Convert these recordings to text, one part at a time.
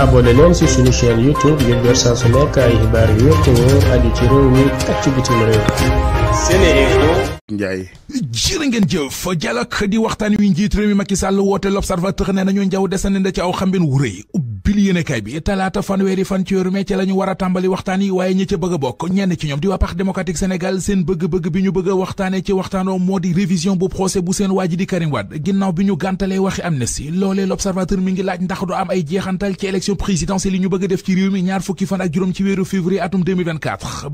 abonné leen ci suñu chaîne YouTube ngir jot saa su nekk ay xibaar yu wér te wóor aju ci réew mi ak ci bitim réew. Ndiaye. jërë ngeen jëf dialogue di waxtaan wi njiit réew mi Macky Sall woote l'observateur ne nañu njaw desandi na ci aw xambin wu pile yéenekaay bi talaata fanweeri fan ci weeru mai ca la tàmbali waxtaan yi waaye ñi ca bokk ñenn ci ñoom di waa Parti démocratique seen bëgg-bëgg bi ñu bëgg waxtaane ci waxtaanoo moo di révision bu procès bu seen waa di Karim Wade bi ñu gàntalee waxi amnistie loolee l'observateur mi ngi laaj ndax du am ay jeexantal ci élection présidentielle yi ñu bëgg def ci réew mi ñaar fukki fan ak juróom ci weeru février atum 2024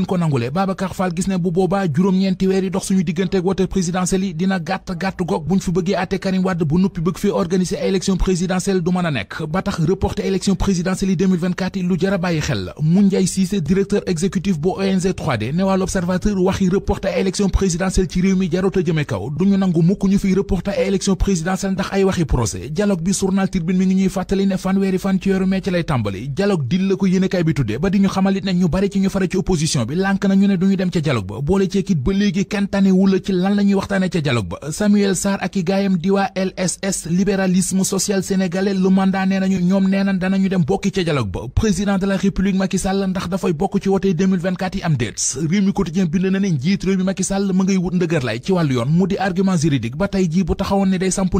leen ko nangulee Babacar Fall gis ne bu boobaa juróom-ñeenti weer yi dox suñu diggante ak wote présidentielle yi dina gàtt gàtt goog buñ fi bëggee àtte Karim Wade bu nuppi bëgg fi organiser ay élection présidentielle du mën a nekk ba tax reporter élection présidentielle yi 2024 yi lu jar a bàyyi xel la Moundiaye Cissé directeur exécutif bu ONG 3D ne waa l'Observateur waxi reporter ay élection présidentielle ci réew mi jarut a jëme kaw duñu nangu mukk ñu fiy reporter ay élection présidentielle ndax ay waxi procès dialogue bi journal Tribune mi ngi ñuy fàttali ne fanweeri fan ci weeru mee ci lay tàmbali dialogue dil la ko yéenekaay bi tuddee ba di ñu xamalit ne ñu bari ci ñu fare ci opposition bi lànk nañu ne duñu dem ca dialogue ba boole ceekit ba léegi kenn tane wula ci lan la waxtaane ca dialogue ba Samuel Sarr ak i gaayam di waa LSS libéralisme social sénégalais lu mandat nee nañu ñoom nee nañ dem bokki ca dialogue ba président de la république Macky ndax dafay bokk ci wotey yi am déet réew mi quotidien bind na ne njiit réew mi Macky Sall ma ngay wut ndëgër lay ci wàllu yoon mu di argument juridique ba tey jii bu taxawoon ne day samp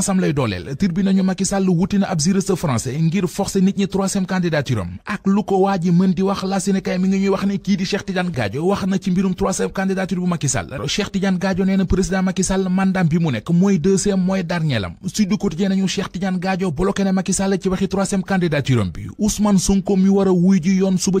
défense am dooleel tribune nañu wuti na ab juriste français ngir forcer nit ñi troisième candidature ak lu ko waa mën di wax la Sénégal mi ngi ñuy wax ne kii di Cheikh Tidiane Gadio wax na ci mbirum troisième candidature bu Macky Sall Cheikh Tidiane Gadio président Macky Sall bi mu nekk mooy deuxième mooy dernier lam Sud Quotidien nañu Cheikh Tidiane Gadio bloqué na Macky ci waxi troisième candidature bi Ousmane Sonko mi war a wuy ji yoon suba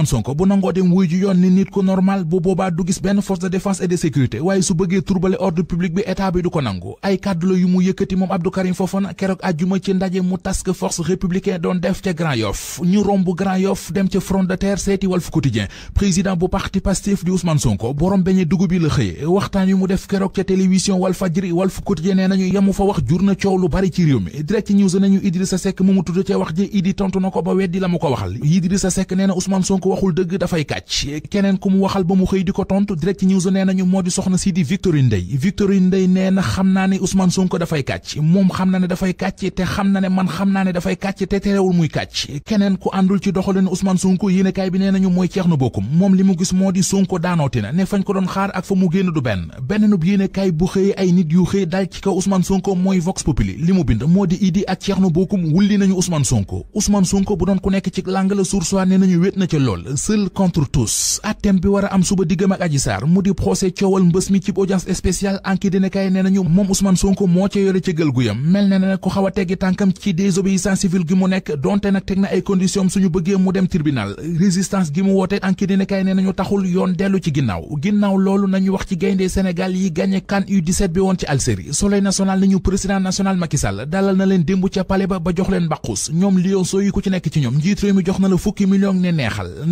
Ousmane bu nangoo dem wuy ju yoon nit ku normal bu boobaa du gis benn force de défense et de sécurité waaye su bëggee turbale ordre public bi état bi du ko nangu ay kàddu yu mu yëkkati moom Abdou Karim keroog àjjuma ci ndaje mu task force républicain doon def ca Grand Yoff ñu romb Grand Yoff dem ca front seeti Walf Quotidien président bu parti Pastef di Ousmane Sonko borom beñe dugub bi la xëye waxtaan yu mu def keroog ca télévision Walf Fadjri ku waxul dëgg dafay kàcc keneen ku mu waxal ba mu xëy di ko tontu direct news nee nañu moo di soxna si di Victorine Ndeye Victorine Ndeye nee na xam naa ne Ousmane Sonko dafay kàcc moom xam na ne dafay kàcc te xam na ne man xam naa ne dafay kàcc te terewul muy kàcc keneen ku àndul ci doxalin Ousmane Sonko yéenekaay bi nee nañu mooy Thierno Bocoum moom li mu gis moo di Sonko daanooti na ne fañ ko doon xaar ak fa mu génn du benn bennub yéenekaay bu xëy di Idi ak Thierno Bocoum wulli nañu Ousmane Sonko Ousmane Sonko bu doon ku lool seul contre tous attem bi war a am suba diggam ak Adji mu di procès coowal mbës mi ci audience spéciale enquête dina kay nañu moom Ousmane Sonko moo ca yore ci gël guyam mel ne na ko xaw teggi tànkam ci désobéissance civile gi mu nekk donte nag teg na ay conditions suñu bëggee mu dem tribunal résistance gi mu woote enquête dina kay nañu taxul yoon dellu ci ginnaaw ginnaaw loolu nañu wax ci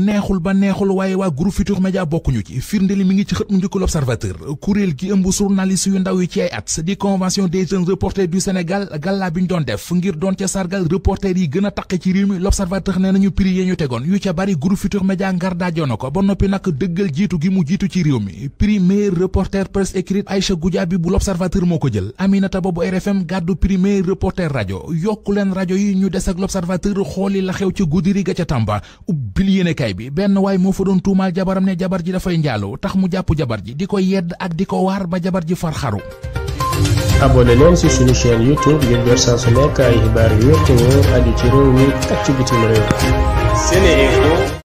neexul ba neexul waaye waa groupe Futur Média bokkuñu ci firnde li mi ngi ci xët mu njëkk l'Observateur kuréel gi ëmb journaliste yu ndaw yi ci ay at di convention des jeunes reporters du Sénégal gala bi ñu doon def ngir doon ca sargal reporter yi gën a taqe ci réew mi l'Observateur nee nañu prix yi ñu tegoon yu ca bari groupe Futur Média ngar daajoona ko ba noppi nag dëggal jiitu gi mu jiitu ci réew mi prix meilleur reporter presse écrite Aïcha Goudiaby bu l'Observateur moo ko jël Aminata Ba bu RFM gàddu prix meilleur reporter rajo yokku leen rajo yi ñu des ak l'Observateur xooli la xew ci ca Tamba ubbil yéene kay yéenekaay benn waay moo fa doon tuumaal jabaram ne jabar ji dafay njaaloo tax mu jàpp jabar ji di ko yedd ak di ko waar ba jabar ji far xaru abonné leen ci suñu chaîne youtube ngir jot saa su xibaar yu wér te wóor ci réew mi ak ci bitim réew